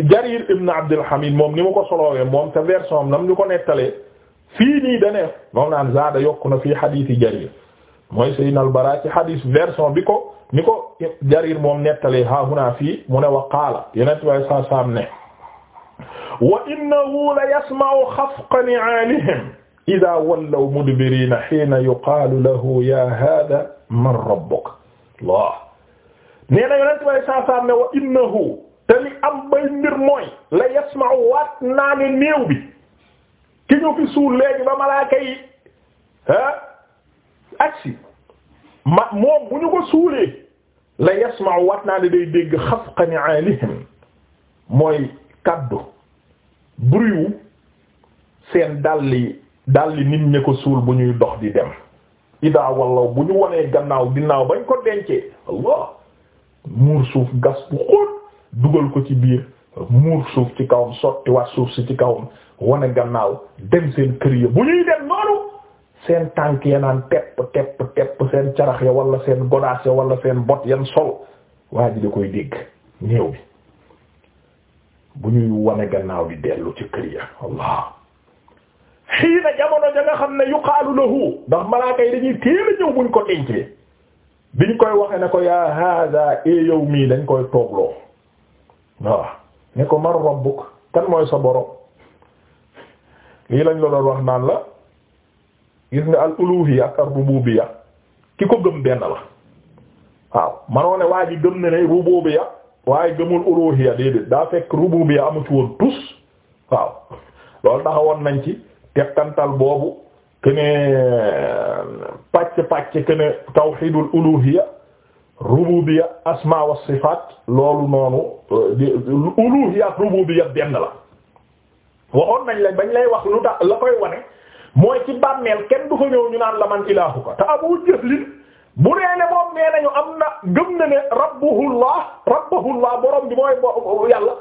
Jarir ibn Abdul Hamid moom ni mu ko soloowee moom te version am nam ñu ko nettalee fii nii da ne moom naan zaada yokk na fii xadiisi Jarir mooy Sayyidina al-Bara ci xadiis version bi ko ni ko Jarir moom nettalee ha huna fii mu ne wa qaala yeneen tubaab yi saa saa ne. wa innahu la yasma'u xafqa ni'aalihim idaa wallaw mudbiriina hiina yuqaalu lahu yaa haadaa man rabbuka Allah nee na yeneen tubaab yi saa saa ne wa innahu te li am bay mbir mooy la yasma'u waat naa ne néew bi ki ñu fi suul léegi ba malaaka yi ah agsi ma moom bu ñu ko suulee la yasma'u waat naa ne day dégg xafqa ni'aalihim mooy kaddu bruit wu seen dalli dalli nit ñi ko suul bu ñuy dox di dem idaa wallaw bu ñu wonee gannaaw ginnaaw bañ ko dencee allah muur suuf gas bu xóot dugal ko ci biir muur suuf ci kawam sotti waat suuf si ci kaw wane gannaaw dem seen kër ya bu ñuy dem noonu seen tànk ya naan tepp tepp tepp seen carax ya wala seen godaas ya wala seen bot yan sol waa da koy dégg néew bi bu ñuy wane gannaaw di dellu ci kër ya allah xiina jamono ja xam ne yuqaalu lahu ndax malaaka yi dañuy téela ñëw buñ ko denc biñ koy waxe ne ko yaa hada e yow mii dañ koy toogloo waaw ne ko man rabbuk kan mooy sa borom lii lañ la doon wax naan la gis nga al uluhiyya ak ar rububiyya ki ko gëm benn la waaw manoo ne waa ji gëm ne ne rububiyya waaye gëmul uluhiyya déedéet daa fekk rububiyya amu ci woon tus waaw loolu taxawoon nañ ci tekkantal boobu que ne pàcc pàcc que ne tawhidul uluhiyya rububiyya asmaa wa sifaat loolu noonu euh, uluhiyya ak rububiyya benn la waxoon nañ la bañ lay wax lu tax la koy wane mooy ci bàmmeel kenn du ko ñëw ñu naan la man ilaahuka te Abu Jahl bu nee ne moom nee nañu am na gëm na ne rabbuhullah rabbuhullah borom bi mooy bo yàlla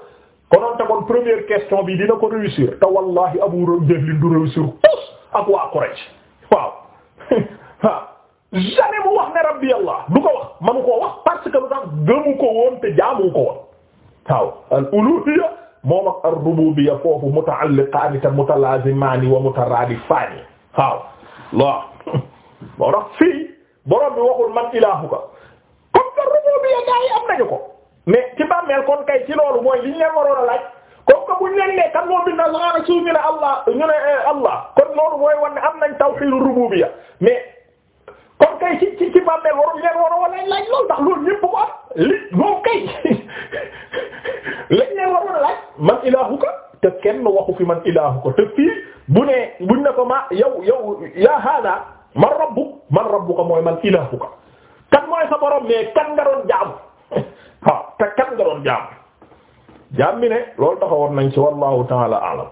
konoon te kon première question bi dina ko réussir te wallahi Abu Jahl du réussir tous ak waa Quraysh waaw waaw jamais mu wax ne rabbi du ko wax manu wax parce que lu tax gëmu ko woon jaamu ko woon waaw al uluhiyya moom ak foofu muta'alliqaani te mutalazimaani wa mutaraadifaani waaw waaw moo tax fii borom man ilaahuka comme que rububiyya gaa yi am nañu ko mais ne kan moo bind asamaan ak suuf ne allah ñu eh, allah kon loolu mooy wan ne am loolu kay ci ci ci bàmmeel leen war a war a laaj loolu ndax loolu ñëpp ko li moom kay lañ leen waroon a laaj man ilaahu ka te kenn waxu fi man ilaahu ka te fii bu ne buñ ne ko ma yow yow yaa haada man rabbu man rabbu ka mooy man ilaahu ka kan mooy sa borom mais kan nga doon jaamu waaw te kan nga doon jaamu jaam bi ne loolu taxawoon nañ ci wallahu taala alam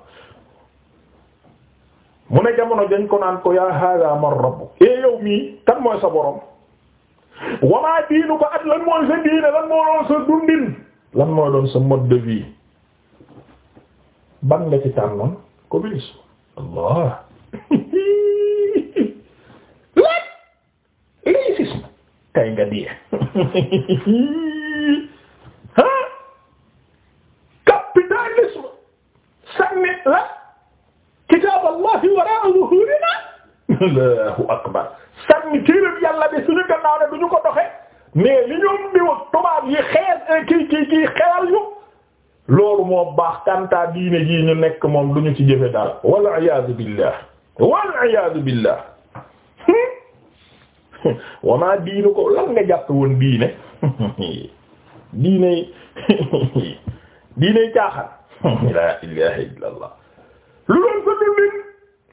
mu ne jamono dañ ko naan ko yaa hada man rabbu e yow mii kan mooy sa borom wamaa diinu ko at mooy sa diine lan moo doon sa dundin lan mooy doon sa mode de vie ban nga ci tànnoon communisme allah lan laïcisme kay nga die Allahu akbar sànni téeréb yàlla bi suñu gannaaw du ñu ko doxe mais li ñoom di wax tubaab yi xees eh, kii kii kii xelal yu loolu moo baax kantaa diine jii ñu nekk moom du ñu ci jëfe dara wal iyaadu billah wal iyaadu hmm? diinu ko lan nga jàppe woon diine diiney diiney caaxaan la ilaha illa allah lu doon sa dundin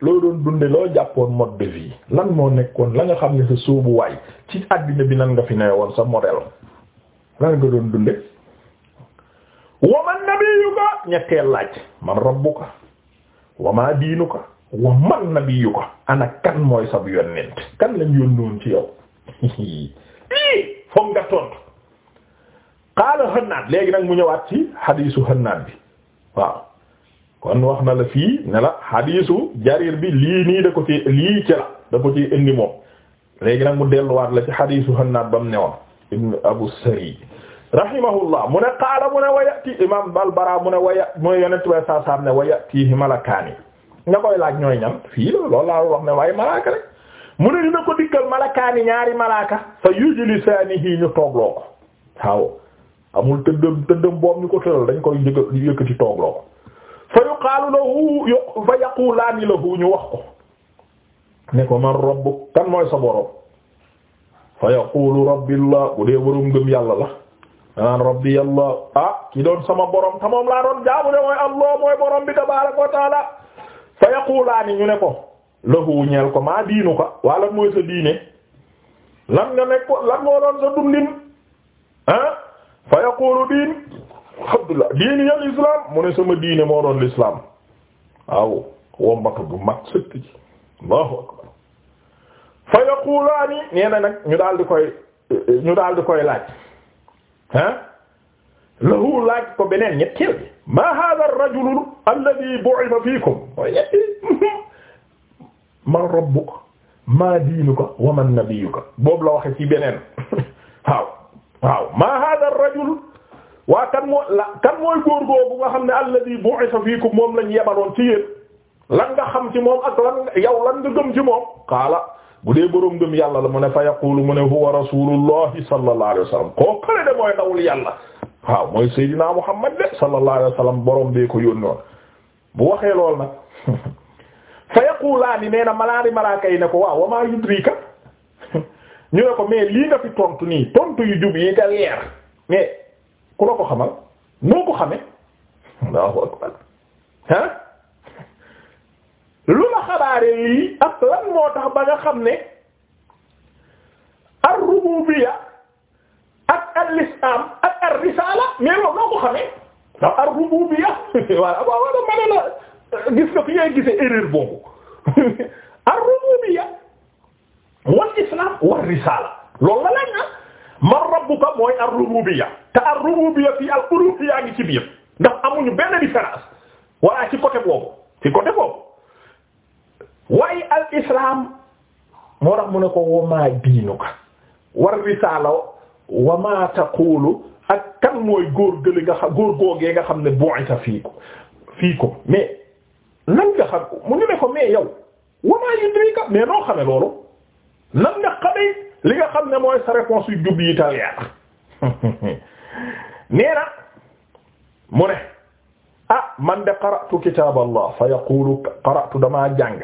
loo doon dunde loo jàppoon mode de lan moo nekkoon la nga xam ne sa sóobu waay ci àddina bi nan nga fi newoon sa modèle lan nga doon dunde wa man nabiyuka ñetteel laaj man rabbuka wa ma diinuka wa man nabiyuka ana kan mooy sab yonent kan lañ yónnoon ci yow ii foog nga tontu qaala Hannaad léegi nag mu ñëwaat ci hadiisu Hannaad bi waaw kon wax na la fii ne la xadiisu jarir bi lii nii da ko ci lii ci la da ko ci indi moom léegi nag mu delluwaat la ci xadiisu Hannaad bam ne mu ne qaala mu ne wayati imam balbara mu ne waya mu ne yonent way saasaam ne wayatihi malakaani nga koy laaj ñooy ñam fii la loolu laa wax ne waaye malaaka rek mu ne dina ko dikkal malakaani ñaari malaaka fa yujlisaanihi ñu toogloo ko waaw amul tëddëm tëddëm boobu ñu ko tëral dañ koy yëkkati toogloo ko yuqaalu lahu fa yaqulaani lahu ñu wax ko ne ko man rabbuk kan mooy sa borom fa yaqulu rabbi allah bu dee borom ngëm yàlla la danaan rabbi allah ah ki doon sama borom te moom laa doon jaamu de mooy allah mooy borom bi tabaaraka wa fa yaqulaani ñu ne ko lahu ñeel ko maa diinu ka waa lan mooy sa diine lan nga nekk lan moo doon sa dundin ah? fa yaqulu diin Abdullah diini yal islam mu ne sama diine moo doon l'islam waaw wombatu bu mag sëkk ji Allahu akbar fa yaqulaani nee na nag ñu daal di koy ñu daal di koy laaj ah lahu laaj ko beneen ñetteel bi ma hadha ar-rajulu alladhi bu'itha fiikum man rabbuka ma diinuka wa man nabiyuka boobu la waxe ci beneen waaw waaw ma hadha ar-rajul waa kan la kan mooy góor góor bu nga xam ne alladhi bu'itha fiikum moom lañu yebaloon ci yéen lan nga xam ci moom ak lan yow lan nga gëm ci moom xaala bu dee boroom gëm yàlla la mu ne fa yaqulu mu ne huwa rasulullahi sallallahu alayhi wa sallam koo xale de mooy ndawul yàlla waaw mooy Seydina Muhammad de sallallahu alayhi wa sallam boroom bee ko yónnoon bu waxee lool nag fa yaqulaani nee na malaari malaaka yi ne ko waaw wa maa yudrika ñu ko mais lii nga fi tontu nii tontu yu jub ku la ko xamal noo ko xame Allahu akbar ah lii ak lan moo xam ne ar-rububiyya ak al-islam ak ar-risala mais loolu noo ko xamee ndax ar-rububiyya waaw waaw waaw ma ne gis nga fi ngay gisee erreur boobu ar-rububiyya wal islam war risala loolu la lañ man rabbuka mooy ar-rububiyya te ar-rububiyya fii al-uluhiyya ngi ci biir ndax amuñu benn différence walla ci côté boobu ci côté boobu waaye al islam moo tax mu ne ko wamaa diinuka war risaala wamaa taqulu ak kan mooy góor gële nga xam góor googee nga xam ne bu'ita fii ko fii ko mais nan nga xam mu ne ko mais yow wamaa yudrika mais noo xame loolu nan nga xamee li nga xam ne mooy sa réponse yu jub yi nee na mu ne ah man de qara'tu kitaaballah fa yaqulu qara'tu damaa jàng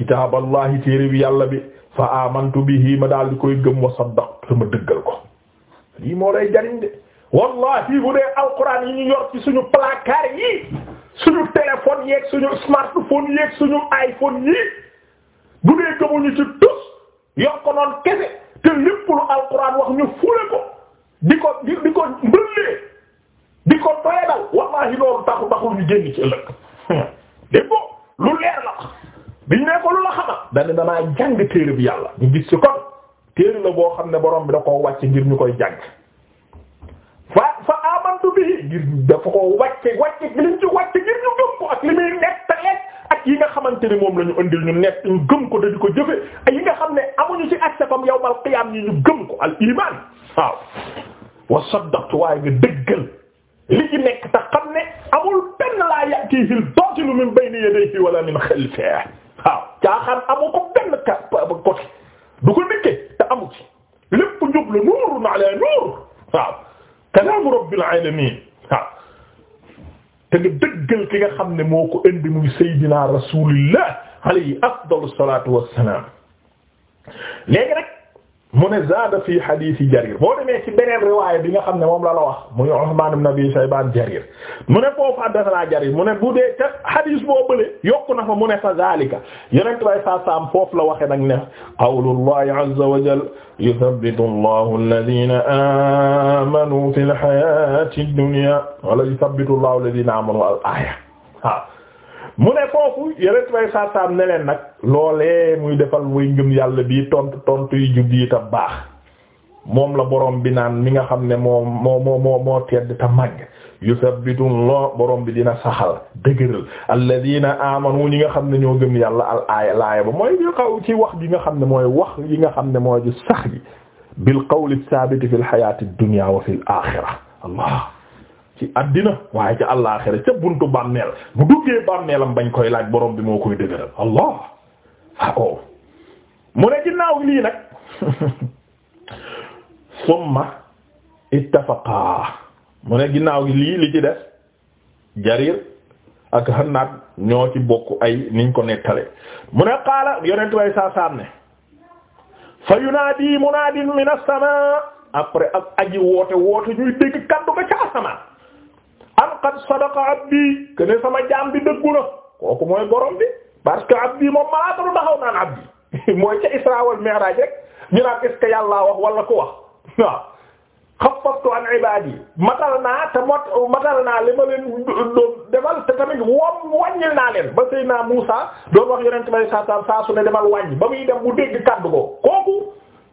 kitaaballahi téere bi yàlla bi fa amantu bihi ma daal di koy gëm wa saddaqtu ma dëggal ko lii moo lay jariñ de wallahi bu dee alquran yi ñu yor ci suñu placard yi suñu téléphone yeeg suñu smartphone yeeg suñu iPhone yi bu dee gëmuñu ci tous yor noonu kese te lépp lu alquran wax ñu fule ko di ko di di ko mbëllee di ko doyadal wallahi loolu taxu taxul ñu génn ci ëllëg dégg lu leer la wax biñ ne ko lu la xamal dane damaa jàng téere bi yàlla ñu gis ci kon téere la boo xam ne boroom bi da koo wàcce ngir ñu koy jàng fa fa amantu bi ngir dafa ko wàcce wàcce bi liñ ci ngir ñu gëm ko ak li muy nekk yi nga xamante ne moom la ñu andil ñu nekk ñu gëm ko dañu ko jëfe ay yi nga xam ne amuñu ci accès comme yawmal qiyaam ñi ñu gëm ko al iman waaw wa saddaqtu waaye nga dëggal li ci nekk te xam ne amul benn laa ya'tihi al-baatilu min bayni yadayhi wala min xalfihi waaw caaxaan amu ko benn côté du ko nekkee te amu ci lépp njub la nuurun ala nuur waaw kalaamu rabbil aalamiin waaw te nga dëggal ki nga xam ne moo ko indi muy Seydina Rasulullah alayhi afdalu salaatu wassalaam léegi rek mu ne zaada fii hadith jarir boo demee ci beneen riwaaya bi nga xam ne moom la la wax muy Usmaan ibn Abi Shaybaan jarir mu ne foofu haddasanaa jarir mu ne bu dee te hadith boo bële yokku na fa mu ne fa zaalika yonent bay saa saam foofu la waxee nag ne qawlullahi azza wa jalla yuthabbitu Allahu alladhiina aamanu fil hayaati dunya wala yuthabbitu Allahu alladhiina aamanu al-aaya mu ne kooku yeneen way saasaam ne leen nag loolee muy defal muy ngëm yàlla bii tontu tont yu jub yi ta baax moom la borom bi naan mi nga xam ne moo moo moo moo tedd ta màgg yusabbitu Allah borom bi dina saxal dëgëral alladina amanu ñi nga xam ne ñoo gëm yàlla al laaya ba mooy ci wax ji nga xam ne mooy wax yi nga xam ne mooy ju sax ji bil qawli sabiti fil hayati dunya allah addina waaye ca àllaaxira ca buntu bàmmeel bu duggee bàmmeelam bañ koy laaj borom bi moo koy dëgëral allah waaw ah, oh. mu ne ginnaaw lii nag summa ittafaqaa mu ne ginnaaw lii li ci des jarir ak hannaat ñoo ci bokk ay niñ ko nettale mu ne qaala yonent way saa ne fa yunaadi munaadin min après ak aji woote woote ñuy dégg kaddu ba ca asamaan an qad sadaqa abdi que sama jaam bi dëggu na kooku mooy borom bi parce que abdi moom malaaka du taxaw naan abdi mooy ca Isra wal rek ñu naan est-ce que yàllaa wax wala ku wax waaw xafaftu an matal naa te mot matal naa li ma leen doon defal te tamit wom wàññil naa leen ba Seydina Muusa doon wax yonent may sa sa saa su ne demal wàññi ba muy dem bu dégg kàddu ko kooku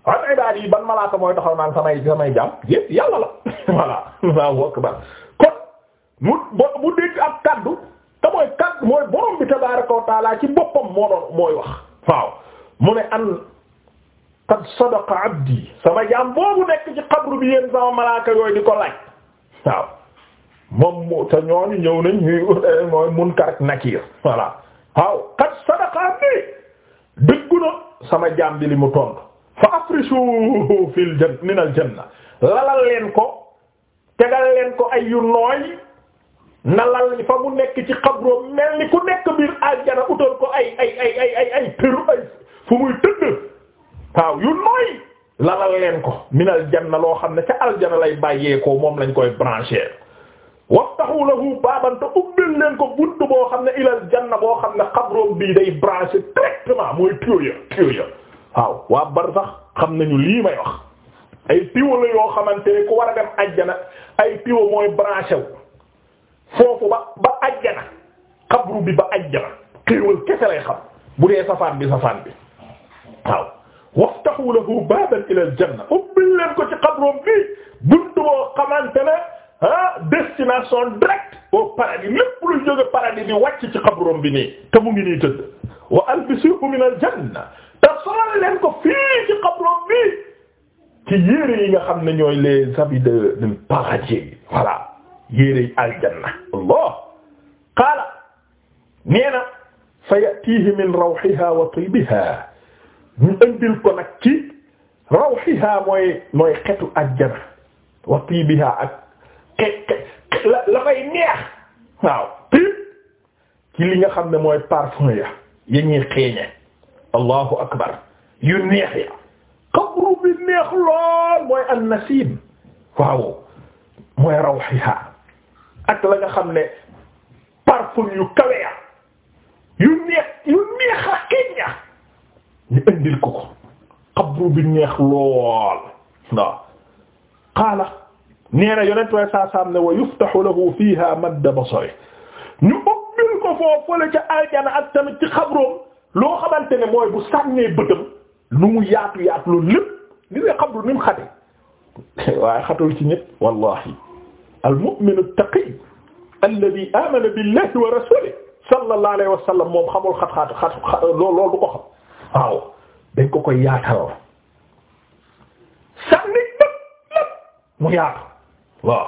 an ibadi ban malaaka mooy taxaw naan samay samay jaam yépp yàlla la voilà Allahu akbar mu mu dégg ab kàddu te mooy kaddu mooy borom bi tabaaraka wa ci boppam moo doon mooy wax waaw mu ne an qad sadaqa abdi sama jaam boobu nekk ci xabru bi yéen sama malaaka yooyu di ko laaj waaw moom mu te ñooñu ñëw nañ ñuy mooy munkar ak nakiir voilà waaw qad sadaqa abdi dëggu sama jaam bi li mu tontu fa afrishu fil min al janna lalal leen ko tegal leen ko ay yu nooy nalal fa mu nekk ci xabro mel ni ku nekk biir aljana utal ko ay ay ay ay ay ay tëru ay fu muy tëdd waaw yu nooy lalal leen ko minal janna loo xam ne ca aljana lay bàyyeekoo moom lañ koy brancher waftahu lahu baaban te ubbil leen ko bunt boo xam ne ilal janna boo xam ne xabroom bii day branché directement mooy tuyau ya tuyau ya waaw waa bar sax xam nañu lii may wax ay tuyau la yoo xamante ne ku war a dem ajjana ay tuyau mooy branché wu foofu ba ba ajjana xabru bi ba ajjana xéewal kese lay xam bu dee safaan bi safaan bi waaw waftahu lahu baaban ila aljanna ubbil leen ko ci xabroom fii buntu boo xamante ne ah destination directe au paradis lépp lu jóge bi wàcc ci xabroom bi ni te mu ngi wa albisuhu min aljanna te solal leen ko fii ci xabroom bi ci yére yi nga xam ne ñooy les habits de du paradis voilà yére yi aljanna allah qaala nee na fa yatihi min rawhiha wa tibiha ñu andil ko nag ci rawhiha mooy mooy xetu ajjana wa tibiha ak la la fay neex waaw tib xam mooy parfum ya ya ñuy xeeñe allahu akbar yu neex ya mooy an nasim mooy rawhiha ak la nga xam ne parfum yu kawe yu neex yu neex a xeeñ ya ñu indil ko ko xabru bi neex lool waaw qaala nee na yonent way saa saam ne wa yuftahu lahu fiha madda basari ñu ubbil ko foofu la ca aljana ak tamit ci xabroom loo xamante ne mooy bu sànnee bëtam lu mu yaatu yaatu loolu lépp li nga xabru ni mu xate waaye xatul ci ñépp wallahi al-mu'min at-taqi alladhi amana billahi wa rasulihi sallallahu alayhi wa sallam moom xamul xat-xat xat loolu loolu du ko xam waaw dañ ko koy yaatal sànni lépp lépp mu yaatu waaw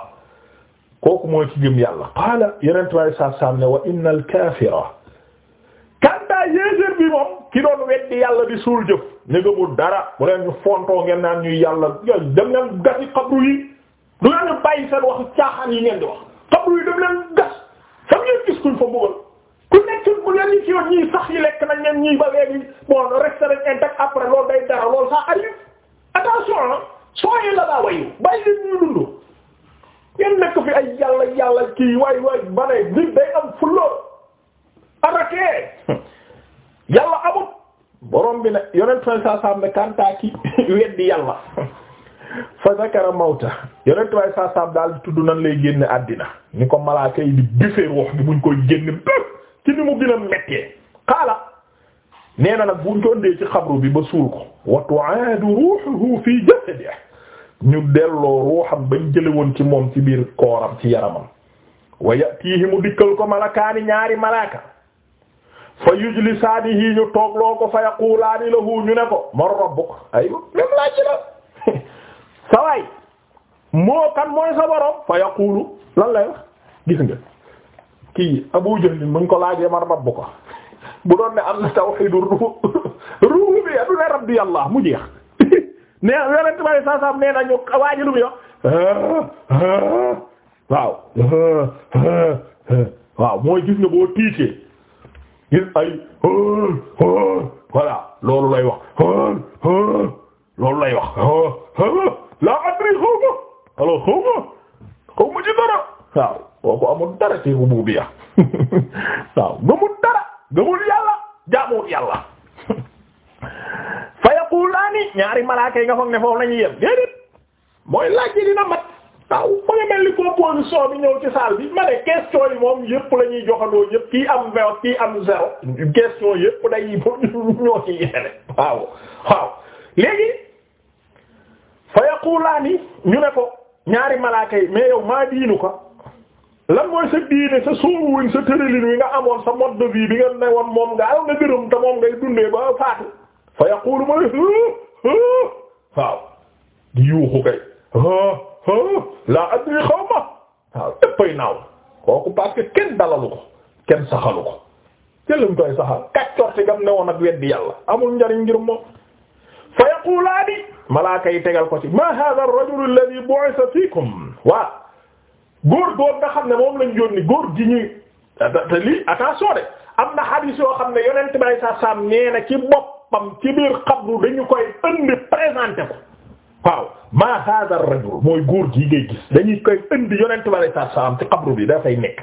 kooku moo ci jëm yàlla qaala yeneen tubaab yi saa saa ne wa innal kaafira kantaa yéeséer bi moom ki doon weddi yàlla di suul jëf ñu gëmul dara bu leen ñu fontoo ngeen naan ñuy yàlla dem ngeen gasi xabru yi du leen di bàyyi seen wax caaxaan yi ngeen di wax xabru yi dem leen gas xam ngeen gis kuñ fa bëggal ku nekk bu leen ci yoon ñii sax yi lekk nañ leen ñii ba léegi bon reste rek intact après loolu day dara loolu ça arrive attention ah sooyee la daa wayu bàyyi leen ñuy dund ngeen nekk fi ay yàlla yàlla kii waay waay ba ne nit day am fuloo arrêté yàlla amut borom bi ne yonent fay saa saa ne kantaa ki weddi yàlla fa zakara mawta yonent way saa daal di tudd nan lay génne àddina ni ko malaaka yi di bife ruux bi buñ koy génne bépp ci ni mu gën a mettee xaala nee na nag buñ ëndee ci xabru bi ba suul ko wa tu'aadu ruuhuhu fii jasadihi ñu delloo ruuxam bañ jële woon ci moom ci biir kooram ci yaramam wa yatiihi mu dikkal ko malakaani ñaari malaaka fa yujlisaanihi ñu toogloo ko fa yaqulaani lahu ñu ne ko man rabbuk aywa même laaj la sawaay moo kan mooy sa borom fa yaqulu lan lay gis nga kii Abu Jahl mu ngi ko laajee man rabbuka bu doon ne am na tawhidu ruh rububiyya du ne rabbi Allah mu jeex ne yonent bari saa saa nee nañu waaji muy wax waaw waaw mooy gis nga boo tiitee gis ay voilà loolu lay wax loolu lay wax laa adri xaw ma alors xaw ma xaw ci dara waaw kooku amul dara ci rububiyya waaw gëmul dara gëmul yàlla jaamuwul yàlla fa yaqulaani ñaari malaaka yi nga foog ne foofu lañuy yem déedéet mooy laaj yi dina mat waaw mu ngi mel ni proposition bi ñëw ci saal bi ma ne question yi moom yëpp la ñuy joxandoo yëpp kii am vingt kii am zéro question yëpp day ñoo ci yéene waaw waaw léegi fa yaqulaani ñu ne ko ñaari malaaka yi mais yow maa diinu ko lan mooy sa diine sa sóoruwuñ sa tëralin wi nga amoon sa mode de vie bi nga ne woon moom nga al nga gërëm te moom ngay dundee ba faatu fa yaqulu ma ne waaw di yuuxu kay laa adri xaw ma waaw ëppay naaw kooku parce kenn dalalu ko kenn saxalu ko jëlum koy saxal kaccorti gam ne woon ak weddi yàlla amul njariñ ngir moom fa malaaka yi tegal ko ci ma hadha ar-rajulu alladhi bu'itha fiikum waaw góor góor nga xam ne moom lañ yónni góor gi ñuy te lii attention de am na hadith yoo xam ne yonent bay sa sam nee na ci boppam ci biir xabru dañu koy indi présenté ko waaw ma hadha ar mooy góor gi ngay gis dañuy koy indi yonent bay sa sam ci xabru bi dafay nekk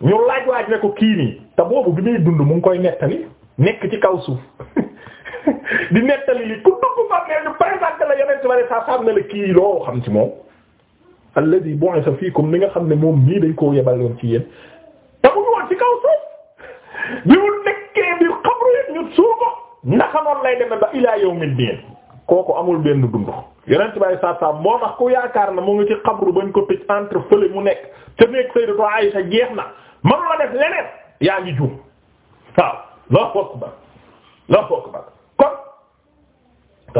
ñu laaj waaj ne ko kii nii te boobu bi muy dund mu ngi koy nettali nekk ci kaw suuf di nettali li ku dugg ba mel ni présenté la yeneen ci bari saa saa la kii loo xam ci moom alladhi bu'itha fiikum li nga xam ne moom nii dañ koo yebal woon ci yéen te mu woon ci kaw suuf bi amul benn dund yeneen ci bari saa moo tax ku yaakaar na mu ngi ci xabru bañ ko tëj entre fële mu nekk te nekk Sayyidatu Aisha jeex na man la def leneen yaa ngi juum waaw loo fokk ba loo fokk ba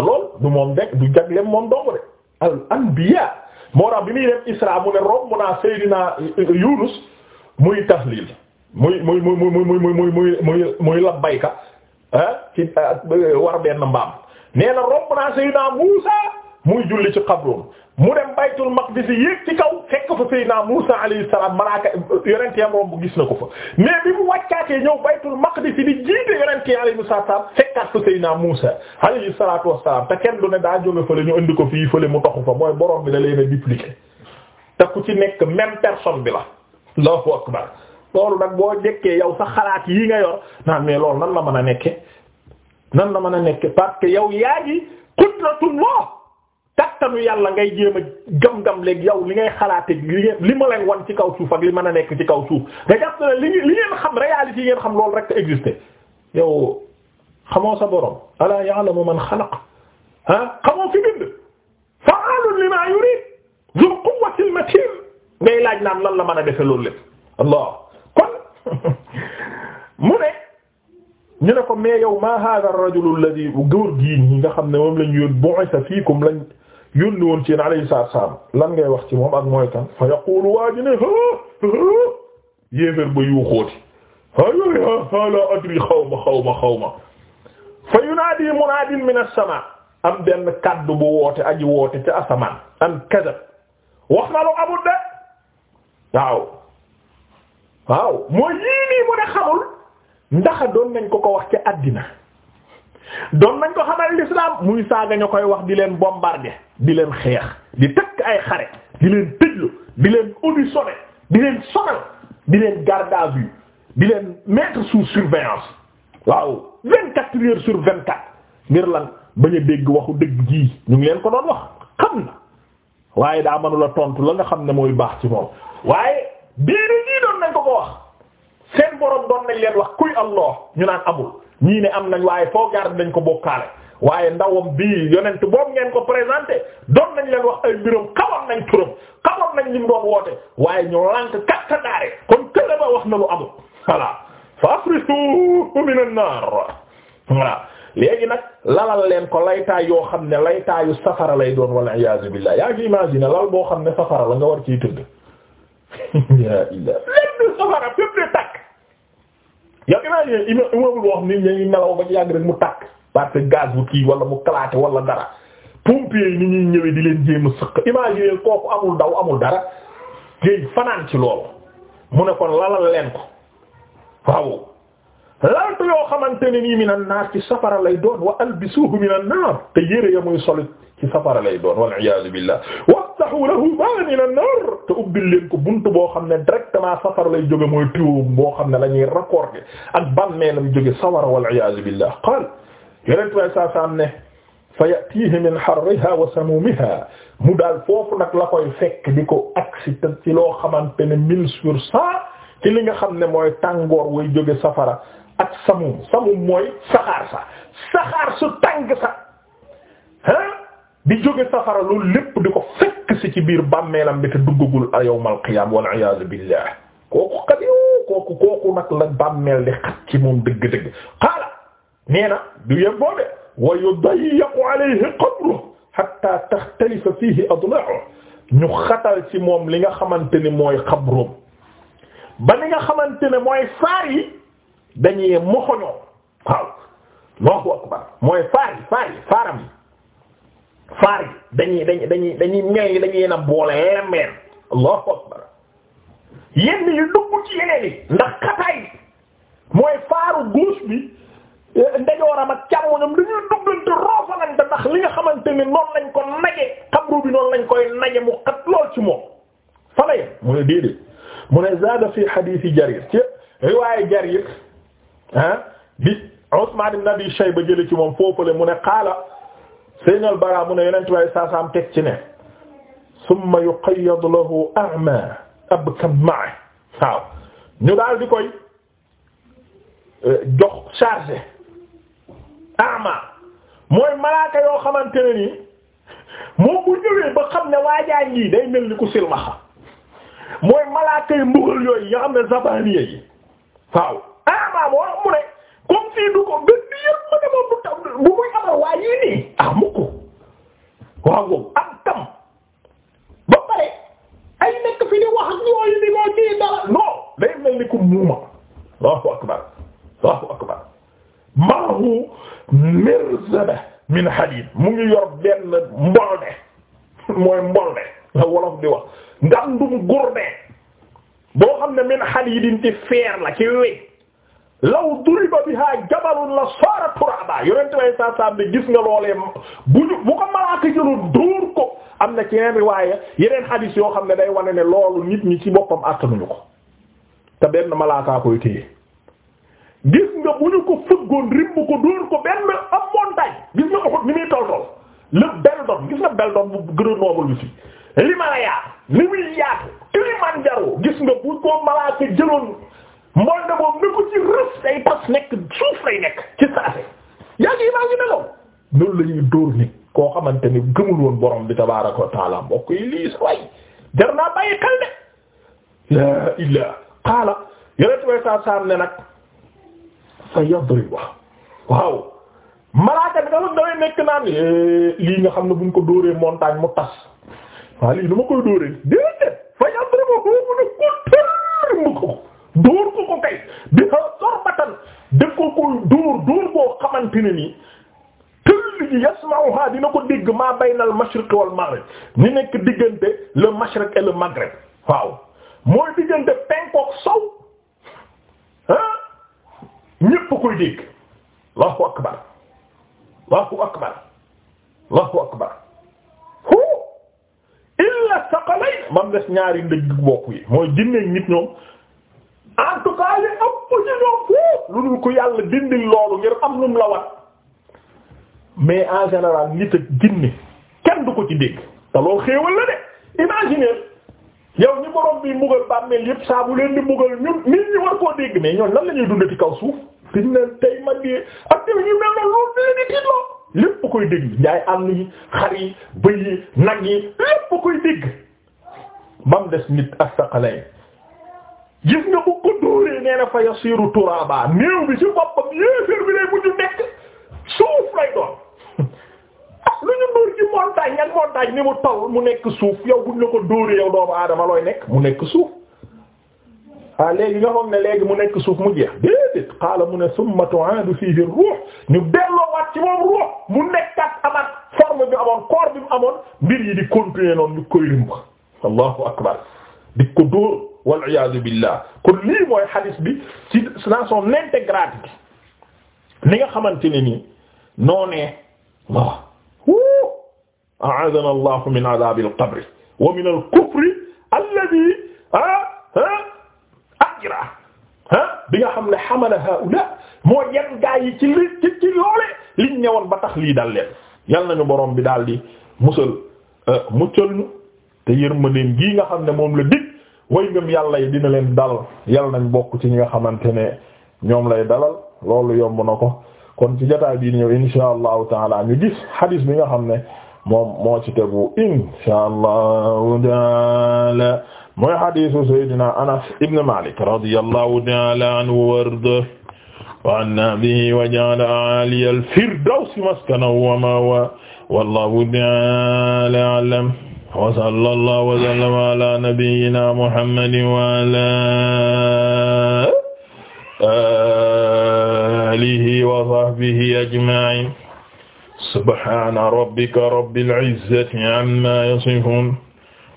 lool du moom de du jaglem moom dong de al anbiya moo tax bi muy dem Isra mu ne romb naa Seydina Yunus muy tahlil muy muy muy muy muy muy muy muy muy labbayka ah ci war benn mbaam nee na naa Seydina Muusa muy julli ci xabroom mu dem baytul maqdis yéeg ci kaw fekk fa Seydina Musa alayhi salaam yam romb gis na ko fa mais bi mu wàccaatee ñëw baytul maqdis di jiite yonent yi alayhi salaam fekkaat fa Seydina Musa alayhi salaatu wassalaam te kenn du ne daa jóge fële ñu indi ko fii fële mu taxu fa mooy borom bi la leen a dupliquer te ku ci nekk même personne bi la Allahu akbar loolu nag boo njëkkee yow sa xalaat yi nga yor naan mais loolu nan la mën a nekke nan la mën a nekke parce yow yaa kattanu yàlla ngay jéem a gam-gam léegi yow li ngay xalaate li li ma lay wan ci kaw suuf ak li mën a nekk ci kaw suuf nga jàpp ne li li ngeen xam réalité yi ngeen xam loolu rek existé yow xamoo sa borom ala ya'lamu man xalaq ah xamoo fi bind fa'aalun limaa yurid zul quwwatil matin ngay laaj naan lan la mën a defe loolu lépp allah kon mu ne ñu ne ko mais yow ma hadha ar-rajul alladhi góor gii ñi nga xam ne moom lañ yoon bu'itha fiikum lañ yónni woon ci yéen alayhi salaam lan ngay wax ci moom ak mooy kan fa yaqulu waa ji ne yéeféer ba yuuxóoti ayooy la adri xawma xawma xawma fa yunaadi munaadin min as-samaa am benn kaddu bu woote aji woote ca asamaan an kadab wax na lu amul de waaw waaw mooy yii nii mu ne xamul ndax doon nañ ko ko wax ci àddina doon nañ ko xamal l'islam muy saaga ñu koy wax di leen bombarder di leen xeex di tëkk ay xare di leen tëjlu di leen auditionné di leen sonal di leen garde à vue di leen mettre sous surveillance waaw vingt quatre heures sur vingt quatre ngir lan bañ a dégg waxu dëgg ji ñu ngi leen ko doon wax xam na waaye daa mënula tontu la nga xam ne mooy baax ci moom waaye biir ñii doon nañ ko ko wax seen boroom doon nañ leen wax kuy Allah ñu naan amul ñii ne am nañ waaye foo garde nañ ko bokkaale waaye ndawam bii yonent boobu ngeen ko présenté doon nañ leen wax ay mbiram xamoon nañ turam xamoon nañ woote waaye ñu lànk katta na lu amul voilà fa afrihu min an-nar léegi nag lalal leen ko laytaay yoo xam ne laytaayu safara lay doon wala iyaazu billaah yaa ngi imaginer lal boo xam ne safara la nga war ciy tëdd yaa illah lépp safara fépp de tàkk yaa ngi imaginer immeuble boo xam ne ngi nelaw ba ci yàgg rek mu tàkk parce que gaz wala mu kalaate wala dara pompiers yi ni ñuy ñëwee di leen jéem a sëq imaginer kooku amul daw amul dara ngay fanaan ci loolu mu ne kon lalal leen ko waaw yoo xamante ne nii min an naar ci safar lay doon wa albisuhu min an naar muy solit ci safara lay doon wal iyaadu billah waftahu lahu baaban min an naar te ubbil leen buntu boo xam ne directement safara lay jóge mooy tuyau boo xam ne la ñuy raccorder ak bàmmeelam jóge sawara wal iyaadu billah qaal yeneen tubaab saa saa am ne fa yatihi min harriha wa samumiha mu daal foofu nag la koy fekk di ko agsi ci loo xamante ne mille sur cent ci li nga xam ne mooy tàngoor way jóge safara ak samum samum mooy saxaar sa saxaar su tàng sa ah di jóge safara loolu lépp di ko fekk si ci biir bàmmeelam bi te duggagul a yawmal qiyaam wal iyaazu billah kooku xat yow kooku kooku nag la bàmmeel di xat ci moom dëgg-dëgg nee na du yem boobe wa yudayyaqu alayhi qabruhu hatta takhtalifa fihi adla'uhu ñu xatal ci moom li nga xamante ne mooy xabroom ba li nga xamante ne mooy faar yi dañuy moxoñoo waaw Allahu akbar mooy faar yi faaram yi dañuy dañuy dañuy na boole lembeen Allahu akbar yenn yu dugg ci yeneen yi ndax mooy faaru gauche ndejooram ak càmmoñam dañuy duggante roofalante ndax li nga xamante ko naje mu xat lool ci moom fa la yem mu ne déedéet mu ne zaada fi hadiisi Jarir ci riwaayu Jarir ah bi Usmaan ibn Abi Shayba jële ci moom foofule mu ne qaala Seydina al mu ne Yonent bi saa saam teg ci ne summa a'ma abkam ma'a waaw ñu daal di koy eh, jox chargé ama mooy malaaka yoo xamante ne nii moom bu ñëwee ba xam ne waajaa ñii day mel ni ku silmaxa mooy malaaka yi mbugal yooyu yi xam ne zabaniya yi waaw ama moo mu ne comme fii du ko gën di yëpp ma ne moom bu muy amal waa yii nii ah mukk waaw wow am tam ba pare ay nekk fi di wax ak ñooyu di moo kii dara non day mel ni ku muuma ci feer la ci we law duriba biha jabalun la saara turaba yonent way saa saam ne gis nga loolee bu ñu bu ko malaaka jëloon dóor ko am na ci yeneen riwaaya yeneen hadis yoo xam ne day wane ne loolu nit ñi ci boppam attanuñu ko te benn malaakaa koy téye gis nga bu ñu ko fëggoon rim ko dóor ko benn am montagne gis nga ko xut ni muy toltol le beldon gis nga beldon bu gën a noobul bi fi li ma la yaatu Kilimanjaro gis nga bu ko malaaka jëloon mooy ne moom ni ko ci rës day tas nekk suuf lay nekk ci saase yaa ngi imaginer loolu loolu la ñuy dóor nit koo xamante ni gëmul woon borom bi tabaaraka wa taala mbokk yi lii sa way jar naa bàyyi xel de laa ilaa xaala yeneen way saa saa ne nag sa yadribu waaw malaaka bi dafa dawee nekk naan eh, lii nga xam ne buñ ko dóoree montagne mu tas waa lii lu ma koy dóoree déedéet fa yadribuhu mun a ko tër mu ko dóor kay bi ha darbatan def ko ko dóor dóor boo nii tëll ji yasma'uha dina ko dégg maa bayna al wal maghrib ni nekk diggante le mashriq le maghrib waaw mooy diggante penkook sow ah ñépp koy dégg allahu akbar allahu akbar allahu akbar illa saqalay mam des ñaari ndëgg bokk yi mooy jinneeg nit ñoom en ëpp ci ñoom foofu lu dul ko yàlla dindil loolu ngir am num la wat mais en général nit ak jinne kenn du ko ci dégg te loolu xéewal la de imaginer yow ñi borom bi mbugal bàmmeel yépp saa leen di ñun nit ñi war koo dégg mais ñoom nan la dundati kaw suuf diñ tey man di ak ñu mel na loolu di leen di tiitloo lépp koy dégg njaay àll yi xar yi bëy yi nag yi lépp koy dégg ba des nit ak saqalay gis nga bu ko dóoree nee na fa yasiru turaba néew bi ci boppam yéeféer bi lay mujju nekk suuf lay doon ah, lu ñu dóor ci montagne ak montagne ni mu taw mu nekk suuf yow buñ la ko dóoree doomu aadama looy nekk mu nekk suuf ah léegi nga xam ne léegi mu nekk suuf mu jeex déedéet xaala mu ne summa tu'aadu fiihi ruux ñu delloowaat ci moom ruux mu nekkat amaat forme bi amoon corps bi mu amoon mbir yi di continuer noonu ñu koy rimb allahu akbar di ko dóor wal iyaadu billah kon lii mooy hadith bi ci dans son intégralité bi ni nga xamante ne nii noonee waaw a'aadana allahu min adaabil qabri wa min al kufri bi nga xam ne xamala haula moo yan gaa ci loole liñ ñëwoon ba tax lii dal leen yal nañu boroom bi daal di musal euh, muccal ñu te yërmandeem gii nga xam ne moom la dig way ngëm yàlla yi dina leen dal yal nañ bokk ci ñi nga xamante ne ñoom lay dalal loolu yomb na ko kon ci jotaay bii ñëw insha allahu taala ñu gis hadis bi nga xam ne moom moo ci tegu insha allahu taala mooy hadisu sayyidina Anas ibn Malik radiyallahu ta'ala anhu warda wa anna bihi wa ja'ala aliya al-firdawsi maskanahu wa ma'wa wallahu ta'ala a'lam wa sallallahu wa sallama ala nabiyyina Muhammadin wa ala alihi wa sahbihi ajma'in subhana rabbika rabbil izzati amma yasifun